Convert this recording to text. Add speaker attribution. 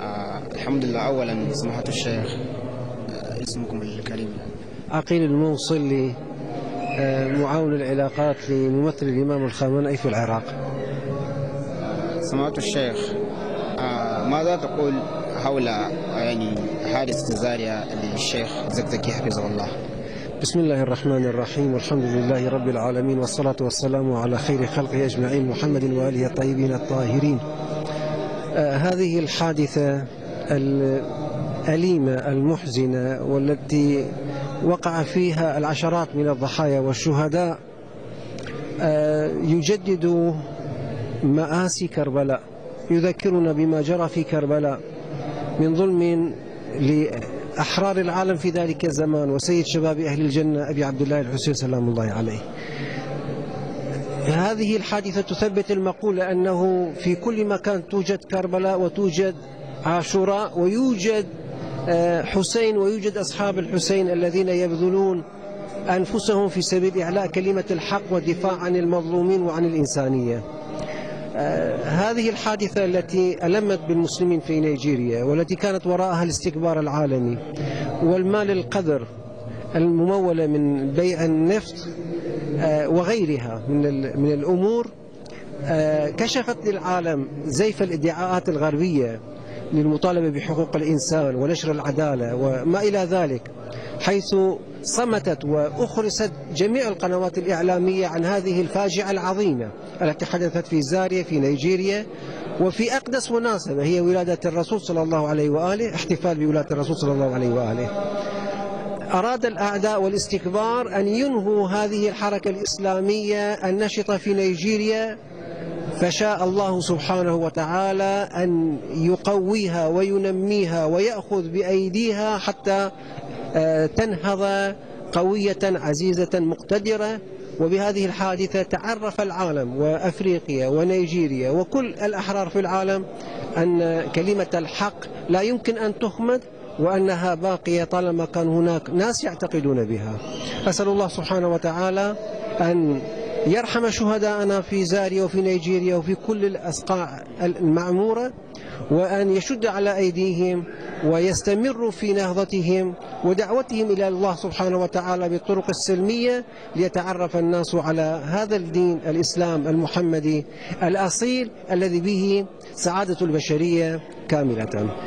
Speaker 1: آه، الحمد لله أولا سماحة الشيخ آه، اسمكم الكريم عقيل الموصل لمعاون العلاقات لممثل الإمام الخامنئي في العراق سماحة الشيخ آه، ماذا تقول حول يعني حادث زاريا للشيخ زكزكي حفظه الله بسم الله الرحمن الرحيم والحمد لله رب العالمين والصلاة والسلام على خير خلقه أجمعين محمد وآله الطيبين الطاهرين آه، هذه الحادثة الأليمة المحزنة والتي وقع فيها العشرات من الضحايا والشهداء آه، يجدد مآسي كربلاء يذكرنا بما جرى في كربلاء من ظلم لأحرار العالم في ذلك الزمان وسيد شباب أهل الجنة أبي عبد الله الحسين سلام الله عليه هذه الحادثة تثبت المقولة أنه في كل مكان توجد كربلاء وتوجد عاشوراء ويوجد آه، حسين ويوجد أصحاب الحسين الذين يبذلون أنفسهم في سبيل إعلاء كلمة الحق والدفاع عن المظلومين وعن الإنسانية آه، هذه الحادثة التي ألمت بالمسلمين في نيجيريا والتي كانت وراءها الاستكبار العالمي والمال القذر الممولة من بيع النفط آه، وغيرها من من الأمور آه، كشفت للعالم زيف الادعاءات الغربية للمطالبة بحقوق الإنسان ونشر العدالة وما إلى ذلك حيث صمتت وأخرست جميع القنوات الإعلامية عن هذه الفاجعة العظيمة التي حدثت في زاريا في نيجيريا وفي أقدس مناسبة هي ولادة الرسول صلى الله عليه وآله احتفال بولادة الرسول صلى الله عليه وآله أراد الأعداء والاستكبار أن ينهوا هذه الحركة الإسلامية النشطة في نيجيريا فشاء الله سبحانه وتعالى أن يقويها وينميها ويأخذ بأيديها حتى آه، تنهض قوية عزيزة مقتدرة وبهذه الحادثة تعرف العالم وأفريقيا ونيجيريا وكل الأحرار في العالم أن كلمة الحق لا يمكن أن تخمد وأنها باقية طالما كان هناك ناس يعتقدون بها أسأل الله سبحانه وتعالى أن يرحم شهداءنا في زاريا وفي نيجيريا وفي كل الأسقاع المعمورة وأن يشد على أيديهم ويستمروا في نهضتهم ودعوتهم إلى الله سبحانه وتعالى بالطرق السلمية ليتعرف الناس على هذا الدين الإسلام المحمدي الأصيل الذي به سعادة البشرية كاملة